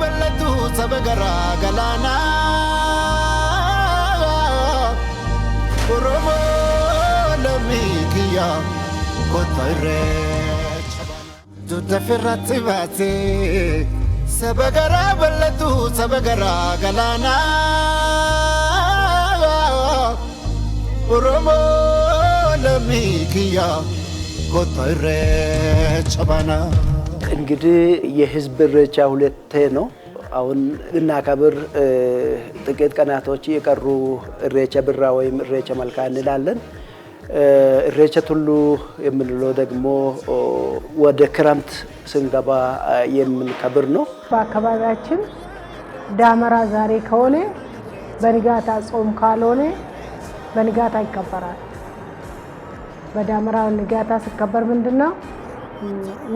bal'atu saba garaa galaanaa Oromoo lammii kiyya kottaa irreecha baanaa Dudda firratti baatee saba garaa bal'atu saba garaa galaanaa Oromoo lammii kiyya kottaa irreecha ጨባና እንግዲህ የህዝብ እሬቻ ሁለቴ ነው። አሁን እናከብር ጥቂት ቀናቶች የቀሩ እሬቸ ብራ ወይም እሬቸ መልካ እንላለን። ኢሬቻ ቱሉ የምንለው ደግሞ ወደ ክረምት ስንገባ የምንከብር ነው። በአካባቢያችን ዳመራ ዛሬ ከሆነ በንጋታ ጾም ካልሆነ በንጋታ ይከበራል። በዳመራ ንጋታ ሲከበር ምንድን ነው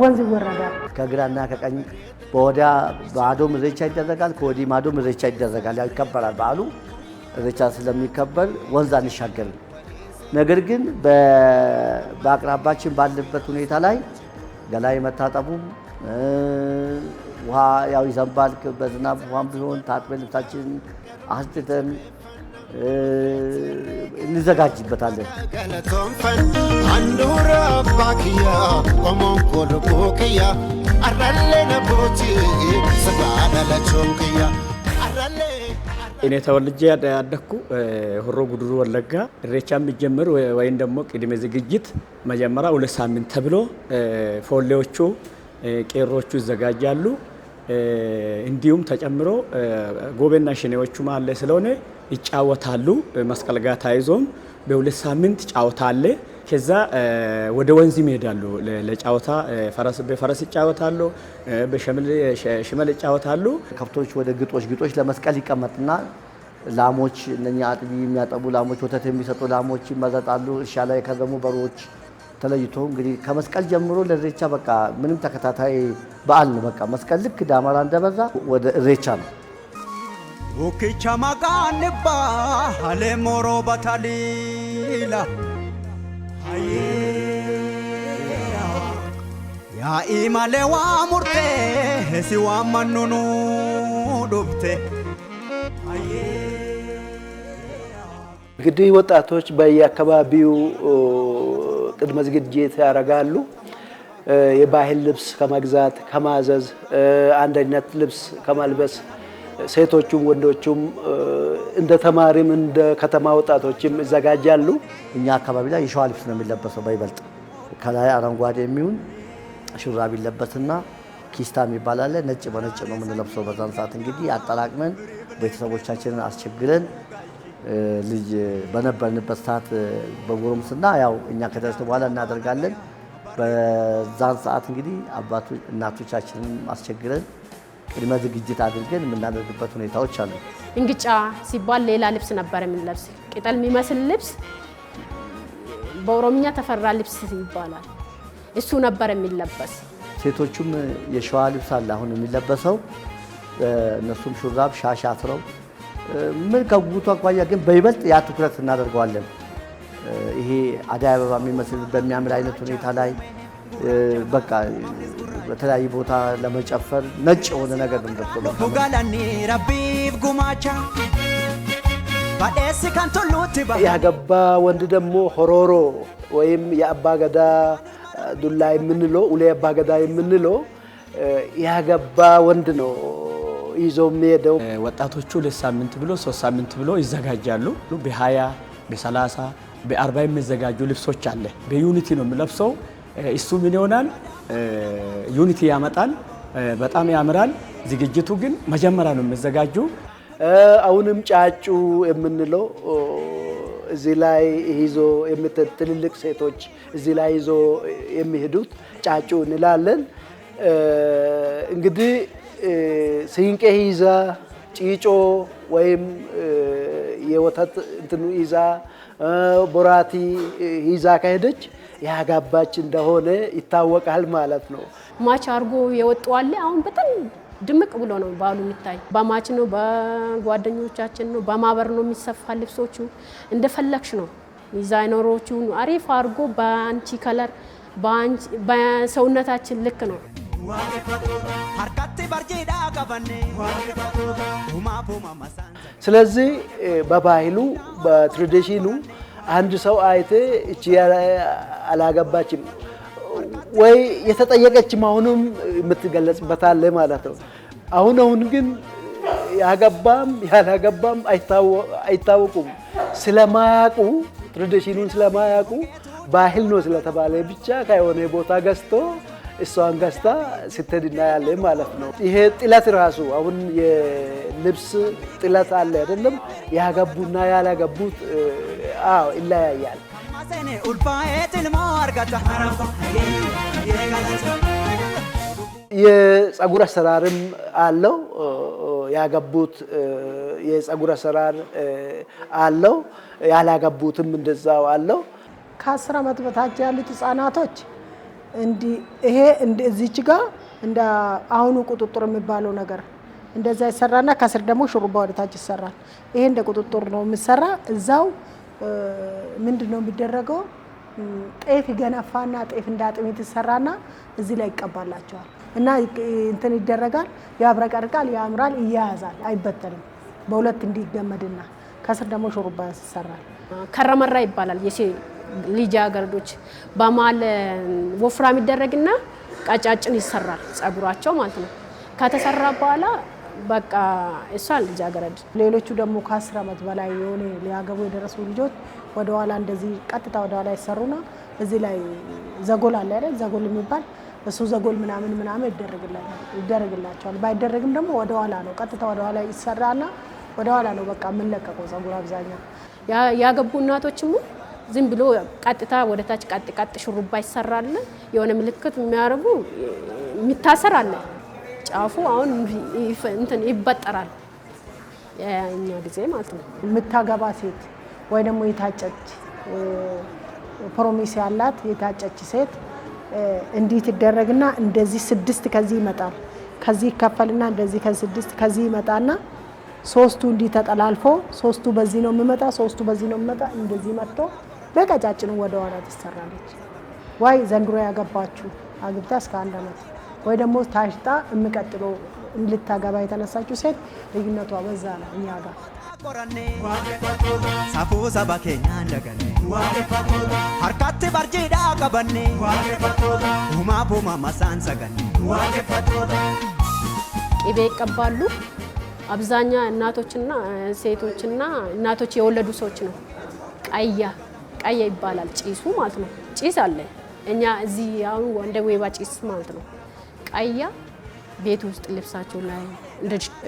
ወንዝ ይወረዳል። ከግራና ከቀኝ በወዲያ ማዶ እሬቻ ይደረጋል፣ ከወዲህ ማዶ እሬቻ ይደረጋል። ያው ይከበራል በዓሉ እሬቻ ስለሚከበር ወንዝ አንሻገርም። ነገር ግን በአቅራባችን ባለበት ሁኔታ ላይ ገላይ መታጠቡም ውሃ ያው ይዘንባል። በዝናብ ውሃም ቢሆን ታጥበን ልብሳችን አስጥተን እንዘጋጅበታለን። እኔ ተወልጄ ያደግኩ ሆሮ ጉድሩ ወለጋ። እሬቻ የሚጀምር ወይም ደግሞ ቅድሜ ዝግጅት መጀመሪያ ሁለት ሳምንት ተብሎ ፎሌዎቹ ቄሮቹ ይዘጋጃሉ። እንዲሁም ተጨምሮ ጎበና ሽኔዎቹ አለ ስለሆነ ይጫወታሉ። መስቀል ጋር ታይዞም በሁለት ሳምንት ጫወታ አለ። ከዛ ወደ ወንዝ ይሄዳሉ ለጫወታ። በፈረስ ይጫወታሉ፣ በሽመል ይጫወታሉ። ከብቶች ወደ ግጦሽ ግጦሽ ለመስቀል ይቀመጥና ላሞች እነኛ አጥቢ የሚያጠቡ ላሞች፣ ወተት የሚሰጡ ላሞች ይመረጣሉ። እርሻ ላይ ከዘሙ በሮች ተለይቶ እንግዲህ ከመስቀል ጀምሮ ለሬቻ በቃ ምንም ተከታታይ በዓል ነው። በቃ መስቀል ልክ ዳመራ እንደበዛ ወደ ሬቻ ነው። ቡኪቻ ማቃንባ አሌ ሞሮ በታሊላ ሙርቴ ዋሙርቴ ማኑኑ ዱብቴ አይ እንግዲህ ወጣቶች በየአካባቢው ቅድመ ዝግጅት ያደርጋሉ። የባህል ልብስ ከመግዛት ከማዘዝ፣ አንድ ልብስ ከማልበስ ሴቶቹም ወንዶቹም እንደ ተማሪም እንደ ከተማ ወጣቶችም ይዘጋጃሉ። እኛ አካባቢ ላይ የሸዋ ልብስ ነው የሚለበሰው በይበልጥ ከላይ አረንጓዴ የሚሆን ሹራብ ይለበስና ኪስታ የሚባል አለ። ነጭ በነጭ ነው የምንለብሰው። በዛን ሰዓት እንግዲህ አጠራቅመን ቤተሰቦቻችንን አስቸግረን ልጅ በነበርንበት ሰዓት በጎረምስና ያው እኛ ከደረስን በኋላ እናደርጋለን። በዛን ሰዓት እንግዲህ አባቶች እናቶቻችንን አስቸግረን ቅድመ ዝግጅት አድርገን የምናደርግበት ሁኔታዎች አሉ። እንግጫ ሲባል ሌላ ልብስ ነበር የምንለብስ፣ ቅጠል የሚመስል ልብስ በኦሮምኛ ተፈራ ልብስ ይባላል። እሱ ነበር የሚለበስ። ሴቶቹም የሸዋ ልብስ አለ አሁን የሚለበሰው እነሱም ሹራብ ሻሽ አስረው ምን ከጉቱ አኳያ ግን በይበልጥ ያ ትኩረት እናደርገዋለን። ይሄ አደይ አበባ የሚመስል በሚያምር አይነት ሁኔታ ላይ በቃ በተለያዩ ቦታ ለመጨፈር ነጭ የሆነ ነገር ንበቶጋላኒ ጉማቻ ያገባ ወንድ ደግሞ ሆሮሮ ወይም የአባገዳ ዱላ የምንለው ውሌ አባገዳ የምንለው ያገባ ወንድ ነው። ይዞ የሚሄደው ወጣቶቹ ሁለት ሳምንት ብሎ ሶስት ሳምንት ብሎ ይዘጋጃሉ። በሀያ በሰላሳ በአርባ የሚዘጋጁ ልብሶች አለ። በዩኒቲ ነው የሚለብሰው። እሱ ምን ይሆናል? ዩኒቲ ያመጣል። በጣም ያምራል። ዝግጅቱ ግን መጀመሪያ ነው የሚዘጋጁ። አሁንም ጫጩ የምንለው እዚህ ላይ ይዞ ትልልቅ ሴቶች እዚህ ላይ ይዞ የሚሄዱት ጫጩ እንላለን እንግዲህ ስንቄ ይዛ ጪጮ ወይም የወተት እንትኑ ይዛ ቦራቲ ይዛ ከሄደች ያጋባች እንደሆነ ይታወቃል ማለት ነው። ማች አድርጎ የወጡዋለ አሁን በጣም ድምቅ ብሎ ነው ባሉ የሚታይ በማች ነው፣ በጓደኞቻችን ነው፣ በማህበር ነው የሚሰፋ ልብሶቹ እንደፈለግሽ ነው ዲዛይነሮቹ አሪፍ አድርጎ በአንቺ ከለር በሰውነታችን ልክ ነው። ስለዚህ በባህሉ በትራዲሽኑ አንድ ሰው አይቴ እቺ አላገባችም ወይ የተጠየቀች መሆኑም የምትገለጽበታለ ማለት ነው። አሁን አሁን ግን ያገባም ያላገባም አይታወቁም። ስለማያውቁ ትራዲሽኑን ስለማያውቁ ባህል ነው ስለተባለ ብቻ ከሆነ ቦታ ገዝቶ እሷን ገዝታ ስትሄድ እናያለን ማለት ነው። ይሄ ጥለት ራሱ አሁን የልብስ ጥለት አለ አይደለም? ያገቡና ያላገቡት ይለያያል። የጸጉር አሰራርም አለው። ያገቡት የጸጉር አሰራር አለው፣ ያላገቡትም እንደዛው አለው። ከአስር ዓመት በታች ያሉት ህጻናቶች ይሄ እዚች ጋ እንደ አሁኑ ቁጥጥር የሚባለው ነገር እንደዛ ይሰራና ከስር ደግሞ ሹሩባ ወደታች ይሰራል። ይሄ እንደ ቁጥጥር ነው የሚሰራ። እዛው ምንድን ነው የሚደረገው? ጤፍ ይገነፋና ጤፍ እንደ አጥሚት ይሰራና እዚህ ላይ ይቀባላቸዋል እና እንትን ይደረጋል። ያብረቀርቃል፣ ያምራል፣ ይያያዛል፣ አይበተንም በሁለት እንዲገመድና ከስር ደግሞ ሹሩባ ይሰራል። ከረመራ ይባላል። ልጃገረዶች በማል ወፍራም ይደረግና ቀጫጭን ይሰራል ጸጉራቸው ማለት ነው። ከተሰራ በኋላ በቃ እሷ ልጃገረድ። ሌሎቹ ደግሞ ከአስር ዓመት በላይ የሆነ ሊያገቡ የደረሱ ልጆች ወደኋላ እንደዚህ ቀጥታ ወደኋላ ይሰሩና እዚህ ላይ ዘጎል አለ አይደል? ዘጎል የሚባል እሱ ዘጎል ምናምን ምናምን ይደረግላቸዋል። ባይደረግም ደግሞ ወደኋላ ነው፣ ቀጥታ ወደኋላ ይሰራና ወደኋላ ነው በቃ የምንለቀቀው ጸጉር አብዛኛው ያገቡ እናቶችም ዝም ብሎ ቀጥታ ወደ ታች ቀጥ ቀጥ ሹሩባ ይሰራል። የሆነ ምልክት የሚያደርጉ የሚታሰር አለ። ጫፉ አሁን እንትን ይበጠራል። እኛ ጊዜ ማለት ነው። የምታገባ ሴት ወይ ደግሞ የታጨች ፕሮሚስ ያላት የታጨች ሴት እንዲህ ትደረግና እንደዚህ ስድስት ከዚህ ይመጣል ከዚህ ይከፈልና እንደዚህ ከስድስት ከዚህ ይመጣና ሶስቱ እንዲህ ተጠላልፎ ሶስቱ በዚህ ነው የምመጣ ሶስቱ በዚህ ነው የምመጣ እንደዚህ መጥቶ በቀጫጭኑ ወደ ኋላ ትሰራለች። ወይ ዘንድሮ ያገባችሁ አግብታ እስከ አንድ ዓመት ወይ ደግሞ ታሽጣ የምቀጥለው እንድታገባ የተነሳችው ሴት ልዩነቷ በዛ ነው እኛ ጋር ቅቤ ይቀባሉ። አብዛኛ እናቶችና ሴቶችና እናቶች የወለዱ ሰዎች ነው ቀያ ቀየ ይባላል ጭሱ ማለት ነው። ጭስ አለ እኛ እዚህ አሁን እንደ ወይባ ጭስ ማለት ነው። ቀያ ቤት ውስጥ ልብሳቸው ላይ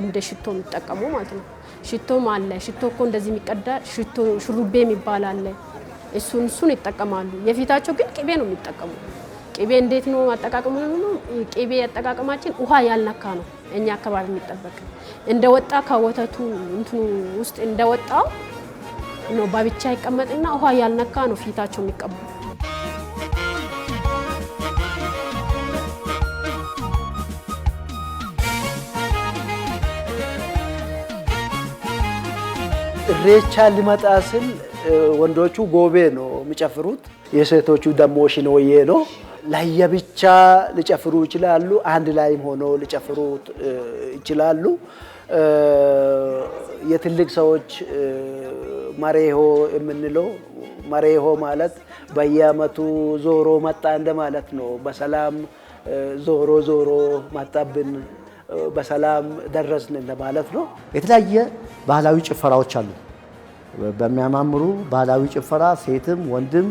እንደ ሽቶ የሚጠቀሙ ማለት ነው። ሽቶም አለ። ሽቶ እኮ እንደዚህ የሚቀዳ ሽቶ ሹሩቤ የሚባል እሱን እሱን ይጠቀማሉ። የፊታቸው ግን ቅቤ ነው የሚጠቀሙ። ቅቤ እንዴት ነው አጠቃቀሙ? ቅቤ አጠቃቀማችን ውሃ ያልነካ ነው እኛ አካባቢ የሚጠበቅ እንደወጣ ከወተቱ እንትኑ ውስጥ እንደወጣው ነው በብቻ ይቀመጥና ውሃ ያልነካ ነው ፊታቸው የሚቀቡ። ኢሬቻ ሊመጣ ስል ወንዶቹ ጎቤ ነው የሚጨፍሩት፣ የሴቶቹ ደግሞ ሽኖዬ ነው። ለየብቻ ሊጨፍሩ ይችላሉ፣ አንድ ላይም ሆኖ ሊጨፍሩ ይችላሉ። የትልቅ ሰዎች መሬሆ የምንለው መሬሆ ማለት በየአመቱ ዞሮ መጣ እንደማለት ነው። በሰላም ዞሮ ዞሮ መጣብን፣ በሰላም ደረስን እንደማለት ነው። የተለያየ ባህላዊ ጭፈራዎች አሉ። በሚያማምሩ ባህላዊ ጭፈራ ሴትም ወንድም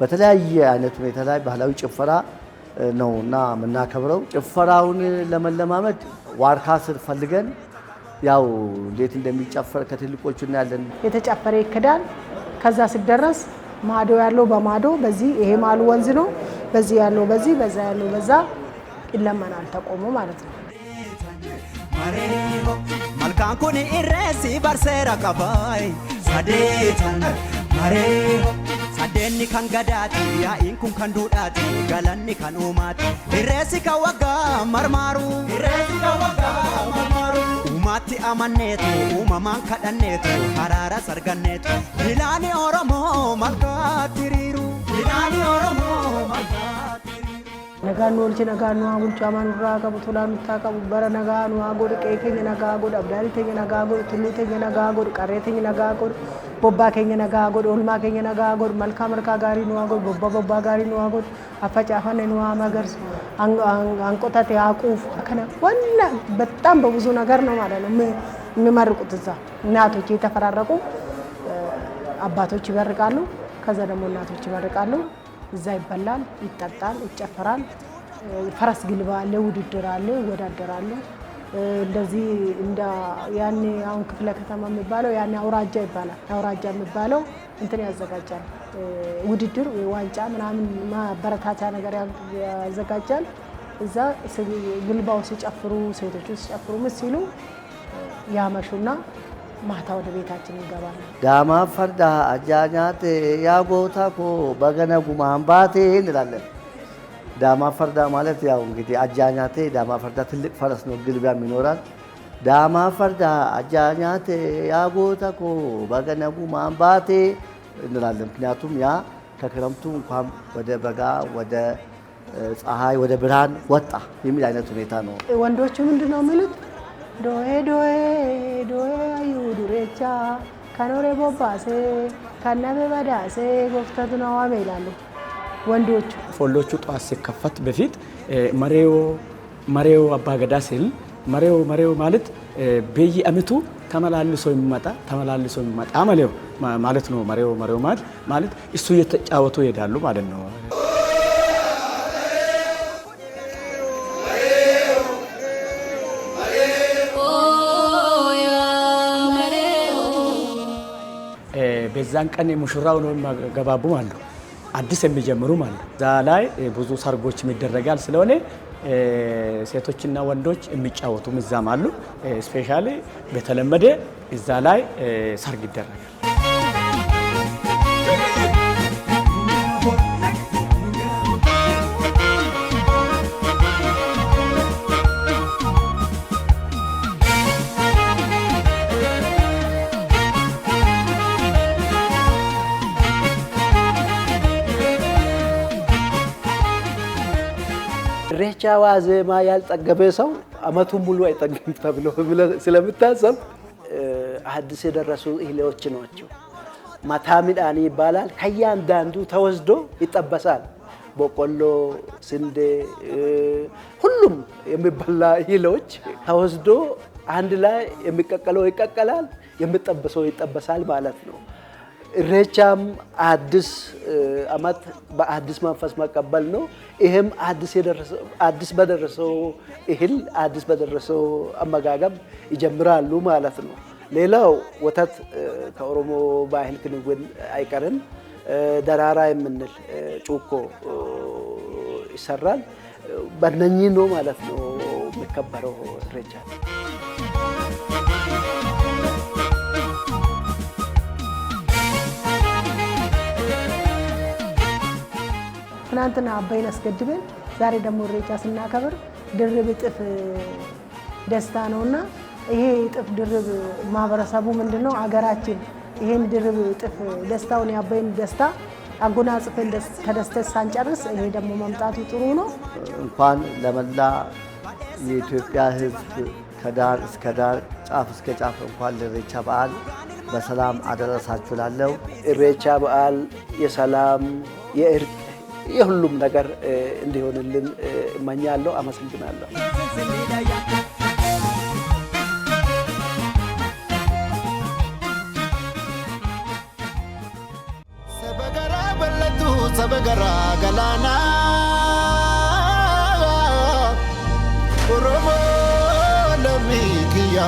በተለያየ አይነት ሁኔታ ላይ ባህላዊ ጭፈራ ነው እና የምናከብረው ጭፈራውን ለመለማመድ ዋርካ ስር ፈልገን ያው እንዴት እንደሚጨፈር ከትልቆቹ እናያለን። የተጨፈረ ይክዳል። ከዛ ስደረስ ማዶ ያለው በማዶ በዚህ ይሄ ማሉ ወንዝ ነው። በዚህ ያለው በዚህ በዛ ያለው በዛ ይለመናል ተቆሞ ማለት ነው። መልካንኩን ኢሬሲ ባርሴራ ቀባይ ሳዴታን ማሬ ሳዴኒ ከን ገዳቲ ያኢንኩን ከን ገለኒ ከን ኡማቲ ከወጋ መርማሩ ኢሬሲ ከወጋ መርማሩ uumatti amanneetu uumamaan kadhanneetu haraaras arganneetu bilaani Oromoo malkaatti hiriiru bilaani Oromoo malkaatti nagaan nu olche nagaan nu haa bulchu amaan nurraa qabu tolaan nuttaa qabu bara nagaa nu haa godhu qe'ee keenya nagaa godhu abdaalii teenya nagaa godhu tulluu teenya nagaa godhu qarree teenya nagaa godhu bobbaa keenya nagaa godhu, oolmaa keenya nagaa godhu, malkaa malkaa gaarii nu haa godhu, bobbaa bobbaa gaarii nu አፈጫፈን ነው አመገርስ አንቆታት ያቁፍ ከነ ወላ በጣም በብዙ ነገር ነው ማለት ነው የሚመርቁት እዛ እናቶች የተፈራረቁ አባቶች ይመርቃሉ። ከዛ ደግሞ እናቶች ይመርቃሉ። እዛ ይበላል፣ ይጠጣል፣ ይጨፈራል። ፈረስ ግልባ አለ፣ ውድድር አለ፣ ይወዳደራሉ። እንደዚህ እንደ ያኔ አሁን ክፍለ ከተማ የሚባለው ያኔ አውራጃ ይባላል። አውራጃ የሚባለው እንትን ያዘጋጃል ውድድር ዋንጫ ምናምን ማበረታቻ ነገር ያዘጋጃል። እዛ ግልባው ሲጨፍሩ፣ ሴቶቹ ሲጨፍሩ ምስ ሲሉ ያመሹና ማታ ወደ ቤታችን ይገባል። ዳማ ፈርዳ አጃኛቴ ያጎታኮ በገነ ጉማንባቴ እንላለን። ዳማ ፈርዳ ማለት ያው እንግዲህ አጃኛቴ ዳማ ፈርዳ ትልቅ ፈረስ ነው፣ ግልቢያም ይኖራል። ዳማ ፈርዳ አጃኛቴ ያጎተኮ በገነቡ ማንባቴ እንላለን። ምክንያቱም ያ ከክረምቱ እንኳን ወደ በጋ ወደ ፀሐይ ወደ ብርሃን ወጣ የሚል አይነት ሁኔታ ነው። ወንዶቹ ምንድን ነው የሚሉት? ዶሄ ዶሄ ዶሄ አዩ ዱሬቻ ከኖሬ ቦባሴ ከነበበዳሴ በዳሴ ጎፍተት ነዋሜ ይላሉ ወንዶቹ ፎሎቹ ጠዋት ሲከፈት በፊት መሬው መሬው አባገዳ ሲል መሬው መሬው ማለት በየአመቱ ተመላልሶ የሚመጣ ተመላልሶ የሚመጣ መሌው ማለት ነው። መሬው መሬው ማለት ማለት እሱ እየተጫወቱ ይሄዳሉ ማለት ነው። በዛን ቀን የሙሽራው ነው ገባቡ አሉ አዲስ የሚጀምሩ ማለት እዛ ላይ ብዙ ሰርጎችም ይደረጋል ስለሆነ ሴቶችና ወንዶች የሚጫወቱም እዛም አሉ። ስፔሻሊ በተለመደ እዛ ላይ ሰርግ ይደረጋል። ብቻ ዋዜማ ያልጠገበ ሰው አመቱን ሙሉ አይጠግም ተብሎ ስለምታሰብ አዲስ የደረሱ እህሎች ናቸው። ማታ ሚዳን ይባላል። ከእያንዳንዱ ተወስዶ ይጠበሳል። በቆሎ፣ ስንዴ፣ ሁሉም የሚበላ እህሎች ተወስዶ አንድ ላይ የሚቀቀለው ይቀቀላል፣ የሚጠበሰው ይጠበሳል ማለት ነው። እሬቻም አዲስ አመት በአዲስ መንፈስ መቀበል ነው። ይህም አዲስ በደረሰው እህል አዲስ በደረሰው አመጋገብ ይጀምራሉ ማለት ነው። ሌላው ወተት ከኦሮሞ ባህል ክንውን አይቀርም። ደራራ የምንል ጩኮ ይሰራል። በነኚህ ነው ማለት ነው የሚከበረው እሬቻ። ትናንትና አባይን አስገድበን ዛሬ ደግሞ ኢሬቻ ስናከብር ድርብ እጥፍ ደስታ ነውና ይሄ እጥፍ ድርብ ማህበረሰቡ ምንድን ነው አገራችን ይሄን ድርብ እጥፍ ደስታውን የአባይን ደስታ አጎናጽፈን ከደስተ ሳንጨርስ ይሄ ደግሞ መምጣቱ ጥሩ ነው። እንኳን ለመላ የኢትዮጵያ ሕዝብ ከዳር እስከ ዳር ጫፍ እስከ ጫፍ እንኳን ለኢሬቻ በዓል በሰላም አደረሳችሁ ላለው ኢሬቻ በዓል የሰላም የእርቅ የሁሉም ነገር እንዲሆንልን እመኛለሁ። አመሰግናለሁ። ሰበገራ ገላና ኦሮሞ ለሚክያ